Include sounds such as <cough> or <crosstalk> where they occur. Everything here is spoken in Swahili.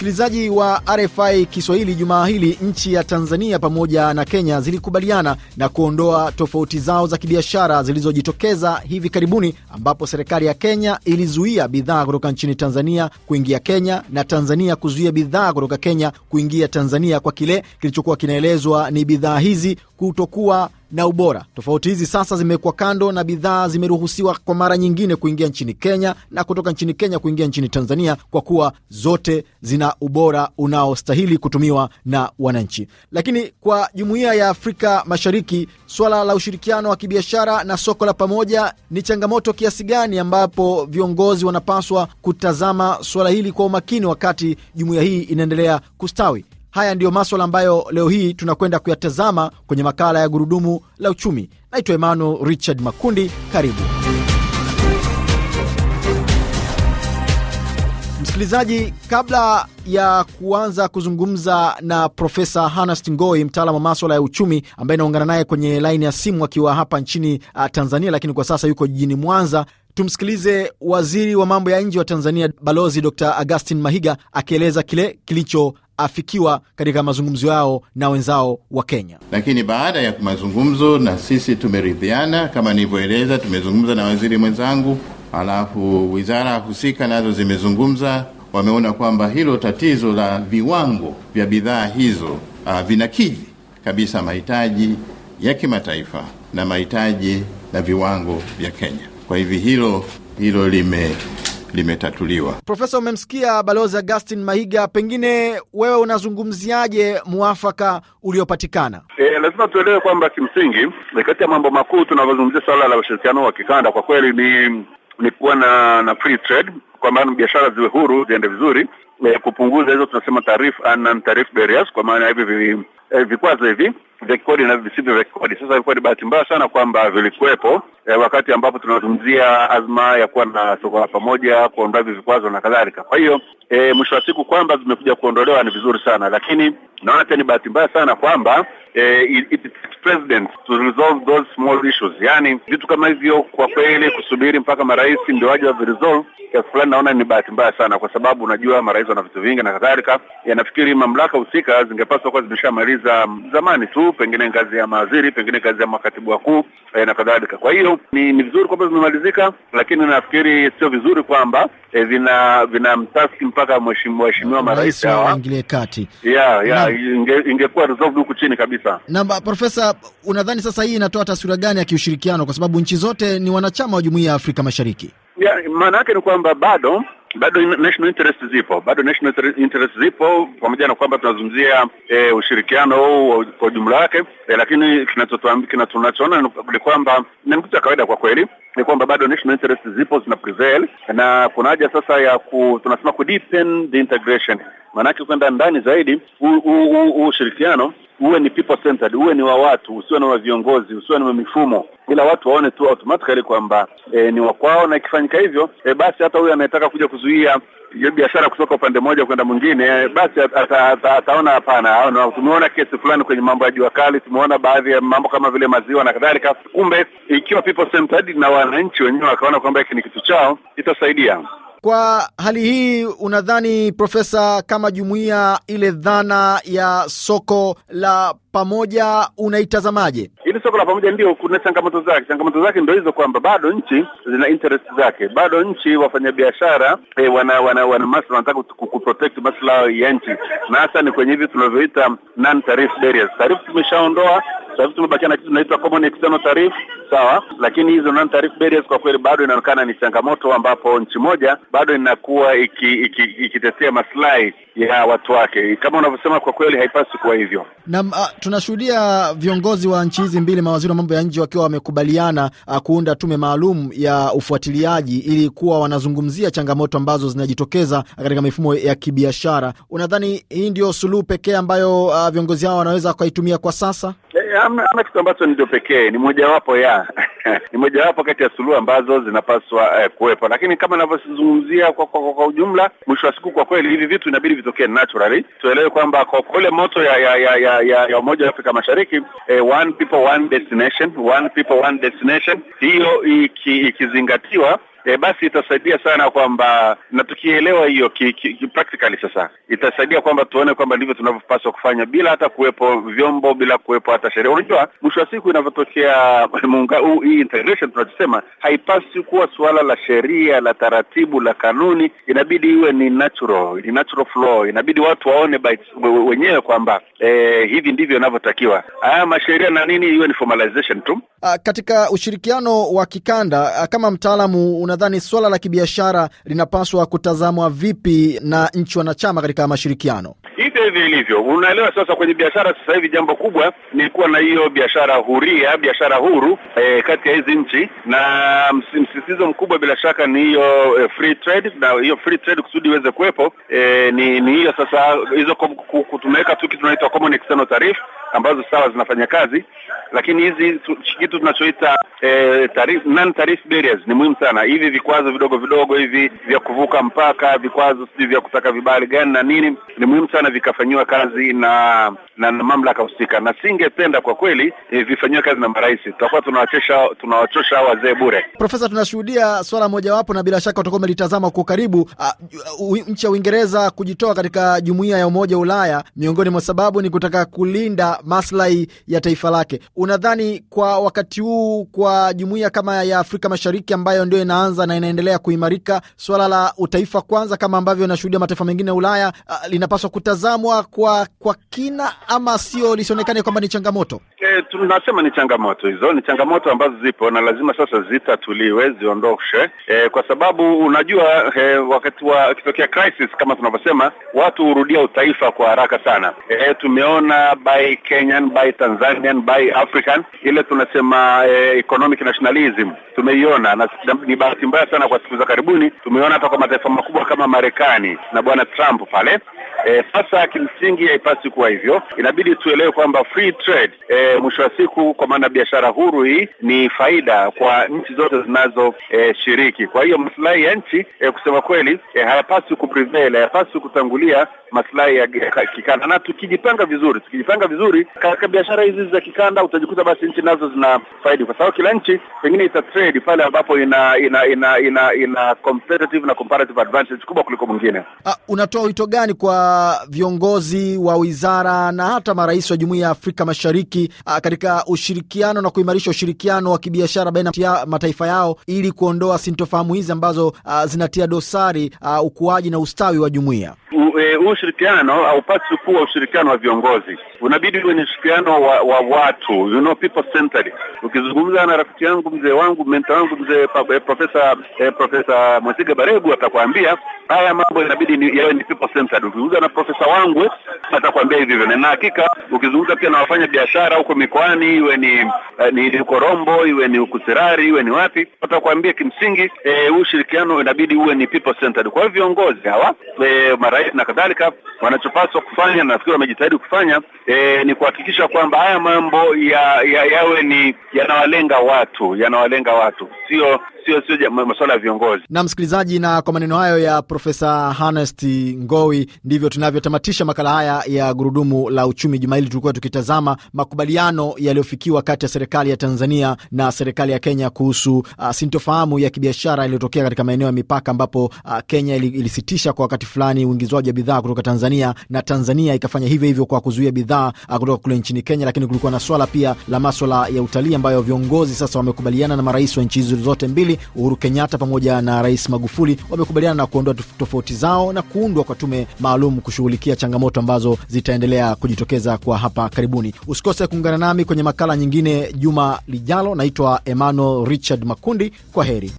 Msikilizaji wa RFI Kiswahili, jumaa hili nchi ya Tanzania pamoja na Kenya zilikubaliana na kuondoa tofauti zao za kibiashara zilizojitokeza hivi karibuni, ambapo serikali ya Kenya ilizuia bidhaa kutoka nchini Tanzania kuingia Kenya na Tanzania kuzuia bidhaa kutoka Kenya kuingia Tanzania kwa kile kilichokuwa kinaelezwa ni bidhaa hizi kutokuwa na ubora. Tofauti hizi sasa zimewekwa kando na bidhaa zimeruhusiwa kwa mara nyingine kuingia nchini Kenya na kutoka nchini Kenya kuingia nchini Tanzania, kwa kuwa zote zina ubora unaostahili kutumiwa na wananchi. Lakini kwa jumuiya ya Afrika Mashariki, swala la ushirikiano wa kibiashara na soko la pamoja ni changamoto kiasi gani, ambapo viongozi wanapaswa kutazama swala hili kwa umakini wakati jumuiya hii inaendelea kustawi? Haya ndiyo maswala ambayo leo hii tunakwenda kuyatazama kwenye makala ya gurudumu la uchumi. Naitwa Emmanuel Richard Makundi, karibu msikilizaji. Kabla ya kuanza kuzungumza na Profesa hanast Ngoi, mtaalam wa maswala ya uchumi ambaye inaungana naye kwenye laini ya simu akiwa hapa nchini uh, Tanzania, lakini kwa sasa yuko jijini Mwanza. Tumsikilize waziri wa mambo ya nje wa Tanzania, Balozi Dr Augustin Mahiga akieleza kile kilicho afikiwa katika mazungumzo yao na wenzao wa Kenya. Lakini baada ya mazungumzo, na sisi tumeridhiana, kama nilivyoeleza, tumezungumza na waziri mwenzangu, alafu wizara husika nazo zimezungumza, wameona kwamba hilo tatizo la viwango vya bidhaa hizo uh, vinakidhi kabisa mahitaji ya kimataifa na mahitaji na viwango vya Kenya. Kwa hivyo hilo hilo lime limetatuliwa. Profesa, umemsikia Balozi Augustin Mahiga, pengine wewe unazungumziaje mwafaka uliopatikana? E, lazima tuelewe kwamba kimsingi kati ya mambo makuu tunavyozungumzia suala la ushirikiano wa kikanda kwa kweli ni ni kuwa na na free trade, biashara ziwe huru ziende vizuri, e, kupunguza hizo tunasema tariff non barriers, kwa maana hivi e, vikwazo hivi rekodi na visivyo rekodi. Sasa ilikuwa ni bahati mbaya sana kwamba vilikuwepo e, wakati ambapo tunazungumzia azma ya kuwa na soko la pamoja, kuondoa hivi vikwazo na kadhalika. Kwa hiyo e, mwisho wa siku kwamba zimekuja kuondolewa ni vizuri sana, lakini naona pia ni bahati mbaya sana kwamba e, it, it, president to resolve those small issues, yani vitu kama hivyo. Kwa kweli kusubiri mpaka marais ndio waje wa resolve kiasi fulani, naona ni bahati mbaya sana, kwa sababu unajua marais wana vitu vingi na kadhalika. Yanafikiri mamlaka husika zingepaswa kuwa zimeshamaliza zamani tu wakuu, pengine ngazi ya mawaziri, pengine ngazi ya makatibu wakuu e, na kadhalika. Kwa hiyo ni, ni vizuri kwamba vimemalizika, lakini nafikiri sio vizuri kwamba e, vina vinamtaski mpaka mheshimiwa marais waingilie kati. ingekuwa inge resolved huku chini kabisa. Na Profesa, unadhani sasa hii inatoa taswira gani ya kiushirikiano, kwa sababu nchi zote ni wanachama wa Jumuiya ya Afrika Mashariki? Yeah, maana yake ni kwamba bado bado national interest zipo, bado national interest zipo, pamoja na kwamba tunazungumzia e, ushirikiano huu kwa ujumla wake e, lakini tunachoona ni kwamba ni mtu cha kawaida kwa kweli, ni kwamba bado national interest zipo zina prevail, na kuna haja sasa ya ku, tunasema ku deepen the integration Maanake kwenda ndani zaidi, huu ushirikiano uwe ni people centered, uwe ni wa watu, usiwe ni wa viongozi, usiwe ni wa mifumo, ila watu waone tu automatically kwamba e, ni wakwao, na ikifanyika hivyo e, basi hata huyu anayetaka kuja kuzuia hiyo biashara kutoka upande mmoja kwenda mwingine, e, basi ataona hapana. Tumeona kesi fulani kwenye mambo ya jua kali, tumeona baadhi ya mambo kama vile maziwa na kadhalika. Kumbe ikiwa people centered na wananchi wenyewe wakaona kwamba hiki ni kitu chao, itasaidia. Kwa hali hii, unadhani Profesa, kama jumuiya ile dhana ya soko la pamoja unaitazamaje? Hili soko la pamoja ndio, kuna changamoto zake. Changamoto zake ndio hizo kwamba bado nchi zina interest zake, bado nchi wafanyabiashara eh, wana wana wana maslahi, wanataka kuprotect maslahi ya nchi, na hasa ni kwenye hivi tunavyoita non tariff barriers. Tariff tumeshaondoa sasa hivi tumebakia na kitu tunaitwa common external tariff, sawa, lakini hizo non tariff barriers kwa kweli bado inaonekana ni changamoto, ambapo nchi moja bado inakuwa ikitetea iki, iki, iki maslahi ya watu wake. Kama unavyosema, kwa kweli haipaswi kuwa hivyo. Naam, ah, tunashuhudia viongozi wa nchi hizi mbili, mawaziri wa mambo ya nje, wakiwa wamekubaliana ah, kuunda tume maalum ya ufuatiliaji ili kuwa wanazungumzia changamoto ambazo zinajitokeza katika mifumo ya kibiashara. Unadhani hii ndio suluhu pekee ambayo ah, viongozi hao wanaweza wakaitumia kwa sasa? ama, kitu ambacho ndio pekee ni mojawapo ya <laughs> ni mojawapo kati ya suluhu ambazo zinapaswa eh, kuwepo, lakini kama navyozungumzia kwa, kwa, kwa, kwa ujumla, mwisho wa siku, kwa kweli hivi vitu inabidi vitokee naturally. Tuelewe kwamba kwa kule moto ya ya ya ya, ya, ya Umoja wa Afrika Mashariki eh, one people one destination, one people one destination, hiyo iki, ikizingatiwa e, basi itasaidia sana kwamba na tukielewa hiyo ki, ki, ki, practically sasa itasaidia kwamba tuone kwamba ndivyo tunavyopaswa kufanya bila hata kuwepo vyombo, bila kuwepo hata sheria. Unajua, mwisho wa siku inavyotokea <laughs> muungano hii integration tunachosema haipasi kuwa suala la sheria la taratibu la kanuni, inabidi iwe ni natural, ni natural flow. Inabidi watu waone wenyewe kwamba e, hivi ndivyo inavyotakiwa. Haya masheria na nini iwe ni formalization tu. Ah, katika ushirikiano wa kikanda ah, kama mtaalamu unadhani swala la kibiashara linapaswa kutazamwa vipi na nchi wanachama katika mashirikiano? vita hivi ilivyo, unaelewa. Sasa kwenye biashara sasa hivi jambo kubwa ni kuwa na hiyo biashara huria, biashara huru e, kati ya hizi nchi, na msisitizo mkubwa bila shaka ni hiyo e, free trade, na hiyo free trade kusudi iweze kuwepo e, ni ni hiyo sasa, hizo tumeweka tu kitu tunaitwa common external tariff ambazo sawa zinafanya kazi, lakini hizi kitu tunachoita e, non tariff barriers ni muhimu sana, hivi vikwazo vidogo vidogo hivi vya kuvuka mpaka, vikwazo sijui vya kutaka vibali gani na nini, ni muhimu sana vikafanyiwa kazi na na, na mamlaka husika, na singependa kwa kweli e, vifanyiwe kazi na marais. Tutakuwa tunawachosha tunawachosha wazee bure. Profesa, tunashuhudia swala mojawapo, na bila shaka utakuwa umelitazama kwa karibu, nchi ya Uingereza kujitoa katika jumuiya ya Umoja wa Ulaya, miongoni mwa sababu ni kutaka kulinda maslahi ya taifa lake. Unadhani kwa wakati huu, kwa jumuiya kama ya Afrika Mashariki ambayo ndio inaanza na inaendelea kuimarika, swala la utaifa kwanza, kama ambavyo unashuhudia mataifa mengine ya Ulaya, linapaswa kutazama kutazamwa kwa kwa kina, ama sio lisionekane kwamba ni changamoto? E, eh, tunasema ni changamoto hizo, ni changamoto ambazo zipo na lazima sasa zitatuliwe, ziondoshe e, kwa sababu unajua e, wakati wa kitokea crisis kama tunavyosema, watu hurudia utaifa kwa haraka sana. E, tumeona by Kenyan, by Tanzanian, by African, ile tunasema e, economic nationalism tumeiona, na ni bahati mbaya sana kwa siku za karibuni tumeona hata kwa mataifa makubwa kama Marekani na bwana Trump pale Eh, sasa kimsingi haipasi kuwa hivyo. Inabidi tuelewe kwamba free trade e, mwisho wa siku, kwa maana biashara huru hii ni faida kwa nchi zote zinazoshiriki. Eh, e, kwa hiyo maslahi ya nchi e, kusema kweli e, hayapasi kuprevail, hayapasi kutangulia maslahi ya kikanda, na tukijipanga vizuri, tukijipanga vizuri katika biashara hizi za kikanda, utajikuta basi nchi nazo zinafaidi, kwa sababu kila nchi pengine ita trade pale ambapo ina ina ina ina, ina competitive na comparative advantage kubwa kuliko mwingine. Ah, unatoa wito gani kwa viongozi wa wizara na hata marais wa Jumuiya ya Afrika Mashariki uh, katika ushirikiano na kuimarisha ushirikiano wa kibiashara baina ya mataifa yao ili kuondoa sintofahamu hizi ambazo uh, zinatia dosari uh, ukuaji na ustawi wa jumuiya. Eh, Huu ushirikiano haupaswi kuwa ushirikiano wa viongozi, unabidi uwe ni ushirikiano wa, wa watu, you know, people centered. Ukizungumza na rafiki yangu mzee wangu menta wangu mzee Profesa eh, Profesa eh, Mwesiga Baregu atakwambia haya mambo inabidi yawe ni people centered. Ukizungumza na Profesa Wangwe atakwambia hivi vile, na hakika ukizungumza pia na wafanya biashara huko mikoani, iwe ni eh, ni huko Rombo, iwe ni huko Sirari, iwe ni wapi, watakwambia kimsingi huu eh, e, ushirikiano inabidi uwe ni people centered. Kwa hivyo viongozi hawa e, marais na kadhalika wanachopaswa kufanya na nafikiri wamejitahidi kufanya e, ni kuhakikisha kwamba haya mambo ya, ya yawe ni yanawalenga watu yanawalenga watu sio sio sio masuala ya viongozi. Na msikilizaji, na kwa maneno hayo ya Profesa hanest Ngowi, ndivyo tunavyotamatisha makala haya ya gurudumu la uchumi. Juma hili tulikuwa tukitazama makubaliano yaliyofikiwa kati ya serikali ya Tanzania na serikali ya Kenya kuhusu uh, sintofahamu ya kibiashara iliyotokea katika maeneo ya mipaka ambapo uh, Kenya ilisitisha kwa wakati fulani uingizwaji wa bidhaa kutoka Tanzania na Tanzania ikafanya hivyo hivyo kwa kuzuia bidhaa uh, kutoka kule nchini Kenya, lakini kulikuwa na swala pia la maswala ya utalii ambayo viongozi sasa wamekubaliana na marais wa nchi hizo zote mbili Uhuru Kenyatta pamoja na Rais Magufuli wamekubaliana na kuondoa tofauti zao na kuundwa kwa tume maalum kushughulikia changamoto ambazo zitaendelea kujitokeza kwa hapa karibuni. Usikose kuungana nami kwenye makala nyingine juma lijalo. Naitwa Emmanuel Richard Makundi, kwa heri.